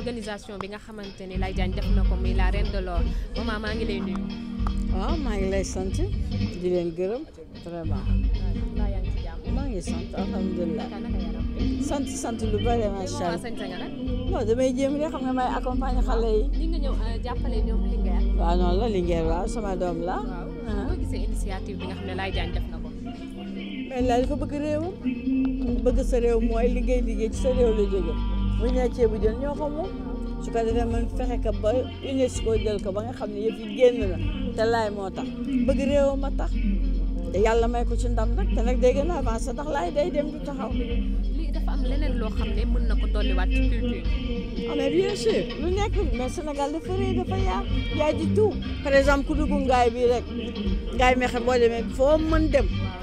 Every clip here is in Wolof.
organisation bi nga xamante ni Laye Diagne def na ko muy la reine de l'or maman maa ngi lay nuyu. waaw ah, maa ngi lay sant di leen gërëm vraiment. maa ngi sant alhamdulilah. sant sant lu bëri macha allah. non damay jéem rek xam nga may accompagne xale yi. li nga ñëw euh, jàppale ñoom waaw noonu la Linguère waaw sama doom la. waaw ah. boo gisee bi nga xam ne Laye Diagne ko. mais Laye dafa bëgg sa réew mooy li liggéey ci sa réew la jógee. bu ñu nee ceebu jën ñoo ko moom su ko defee man fexe ka ba UNESCO jël ko ba nga xam ne yëf yi génn na te laay moo tax bëgg réewam ma tax te yàlla may ko ci ndam nag te nag day gën a avancé ndax laay day dem du taxaw. lii dafa am leneen loo xam ne mën na ko dolliwaat ci culture. ah mais bien sûr lu nekk mais Sénégal dafa ji par exemple ku dugg ngaay bi rek ngaay mexe boo demee foo mën dem.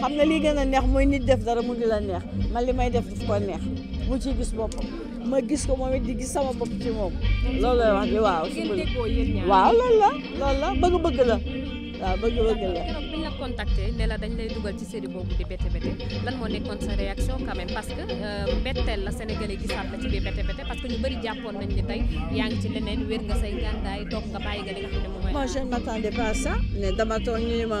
xam nga li gën a neex mooy nit def dara mu di la neex man li may def daf ko neex mu ciy gis boppam ma gis ko moom it di gis sama bopp ci moom loolu la wax di waaw waaw loolu la loolu la bëgg-bëgg la waaw bëgg-bëgg la bi dañ lay dugal ci série boobu di Bété Bété lan moo nekkoon sa réaction quand même parce que euh, betteel la Sénégalais gisaat la jàppoon nañ ne tey yaa ngi ci leneen wér nga say gàndaay toog nga bàyyi nga li nga xam ne dama toog ñu ma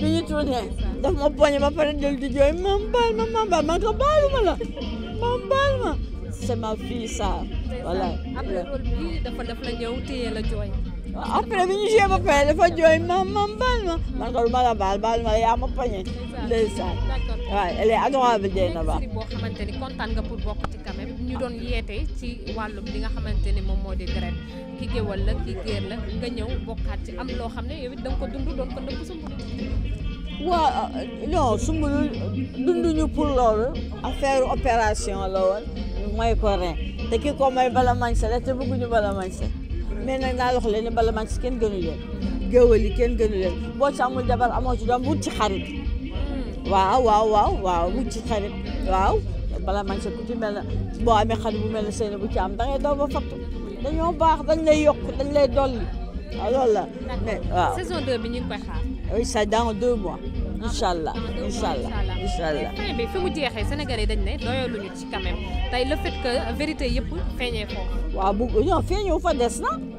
bi ñu tourné daf ma poñe ba pare jël di jooy maam baal ma maam baal ma ko baalu ma la maam baal ma c'est ma fille ça voilà. après loolu bii dafa def la ñëw téye la jooy. Apre bineceğe bakıyor. Lafa diyorum ben ben ben. Ben kalma la bal bal ma yaa ma pañe. ndeysaan waaw elle est adorable Dieynaba ba boo xamante ni kontaan nga pour bokk ci quand même ñu doon yeete ci wàllum li nga xamante ni moom moo di deret ki géwal la ki géer la nga ñëw bokkaat ci am loo xam ne yow it da nga ko dund doon ko ndëpp sumb waaw euh, non sumbulul dunduñu pour loolu affaire opération la woon mooy ko ren te ki ko may bala mañ sa te bëgguñu bala mañ من انا لو خلينا بلا ما نسكن قالوا لي قالوا لي كان قالوا لي بوت عمو دابا عمو جدا موت خارب واو واو واو واو موت خارب واو بلا ما نسكت مال بو عمي خدمو مال سينا بو عم دغيا دابا فقط دنيو باخ دنيا يوق دنيا دول الله الله سيزون 2 بيني كوخا وي سا دان 2 موا ان شاء الله ان شاء الله ان شاء الله تاي بي فمو دي خي سنغالي دنج ني دو يولو ني سي كامم تاي لو فيت كو فيريتي ييب فيني فو وا بو يو فيني فو ديسنا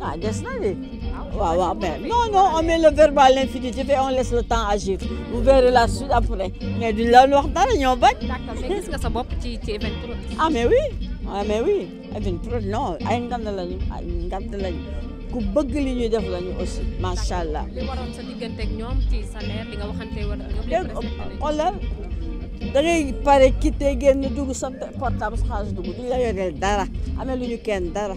ah non non on met le verbe à l'infinitif et on laisse le temps agir vous verrez la suite après mais du wax d'accord mais gis ça ci ah mais oui ah mais oui non ku bëgg li ñuy def lañu aussi macha li waroon sa diggante ak ñoom ci salaire li nga waxante da ngay paré quitté génn dugg sa portable dugg la dara kenn dara.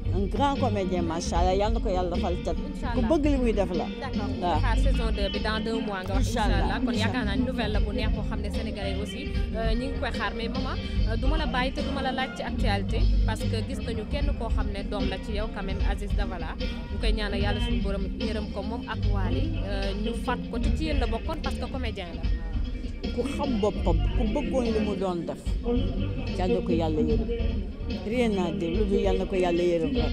un grand comédien macha allah yal na ko yàlla defal cat. ku bëgg li muy def la. waaw xaar saison 2 bi dans deux mois nga wax. incha allah kon yaakaar naa ni nouvelle la bu neex boo xam ne sénégalais aussi euh, ñi ngi koy xaar mais maman euh, du ma la bàyyi te du ma la laaj ci actualité parce que gis nañu kenn koo xam ne doom la ci yow quand même Aziz Dabala ñu koy ñaanal yàlla suñu borom yërëm ko moom ak Waly euh, ñu fat ko te ci yéen la bokkoon parce que comédien la. ku xam boppam ku bëggoon li mu doon def jàll ko yàlla yërëm. rien à dire lu yalla yal na ko yàlla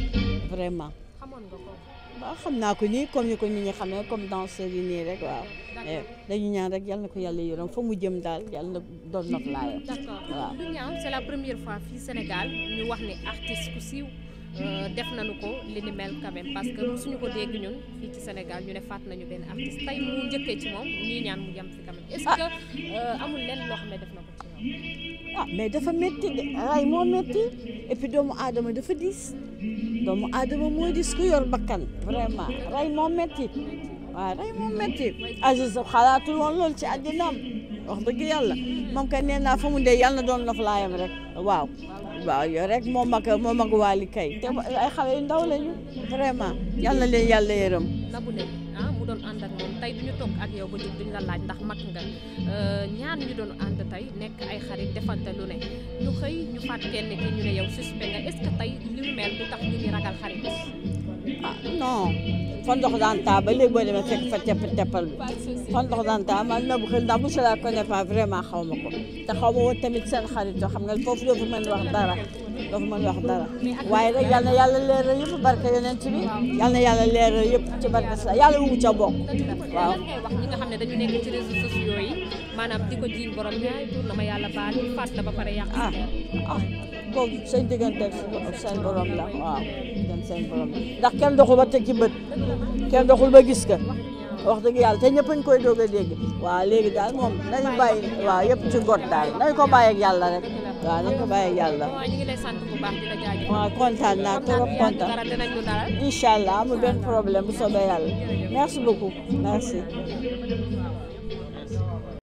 vraiment. xamone nga ko. ba xamna ko ni comme ni ko nit ñi xamé comme dans yi ni rek waaw. Eh, dañu ñaan rek yalla nako yalla yàlla fa mu jëm dal yalla na doon nopp laayam. d'accord waaw du ñaan c'est la première fois fi Sénégal ñu wax ni artiste ku siiw. Euh, def nañu ko li ni mel quand même parce que suñu ko dégg ñun fi ci Sénégal ñu ne fat nañu ben artiste tay mu jëkke ci mom ñi ñaan mu jëm fi quand même. est-ce ah. que euh, amul lenn lo xamé ne def ah mais dafa métti de ray moo métti et doomu aadama dafa diis doomu aadama moo diis ku yor bakkan vraiment ray moo métti waaw ray moo métti Aziz xalaatul woon loolu ci àddinaam wax dëgg yàlla moom kay nee naa fa mu dee yàlla doon la fa rek waaw waaw yow rek moo mag moo mag waali kay te ay xale ndaw lañu vraiment yàlla leen yàlla yërëm tey du ñu toog ak yow ba jub duñ la laaj ndax mag nga euh, ñaan ñu doon ànd tay nekk ay xarit defante lu ne ñu xëy ñu faat kenn ki ñu ne yow suspect nga est-ce que tey li mu du tax ñu ñu ragal xarit ah non fa daan taa ba léegi boo demee fekk fa tepp teppal bi fa daan taa man na bu xel ndax monsieur la connaît pas vraiment xaw ma ko te xaw ma woon tamit seen xarit yoo xam nga foofu doo fi mën wax dara dafa mën wax dara waaye rek yal na yàlla leeral yëpp barke yonent bi yal na yàlla leeral yëpp barke sa yàlla mu ca bokk waaw lan ngay wax ñi nga ne dañu nekk ci réseaux sociaux yi maanaam di ko jiiñ borom ñaari tur na ma yàlla baal faat la ba pare yàq ah ah kooku seen diggante seen borom la waaw seen borom la ndax kenn doxul ba teg ci doxul ba gis ka wax dëgg yàlla te ñëpp ñu koy doog a waaw léegi daal moom nañu bàyyi waaw yëpp ci got daal nañu ko bàyyi ak yàlla rek waaw nañu ko bàyyi ak yàlla. ñu ngi lay sant bu baax di la jaajëfal. amul problème mu soobee yàlla merci beaucoup merci.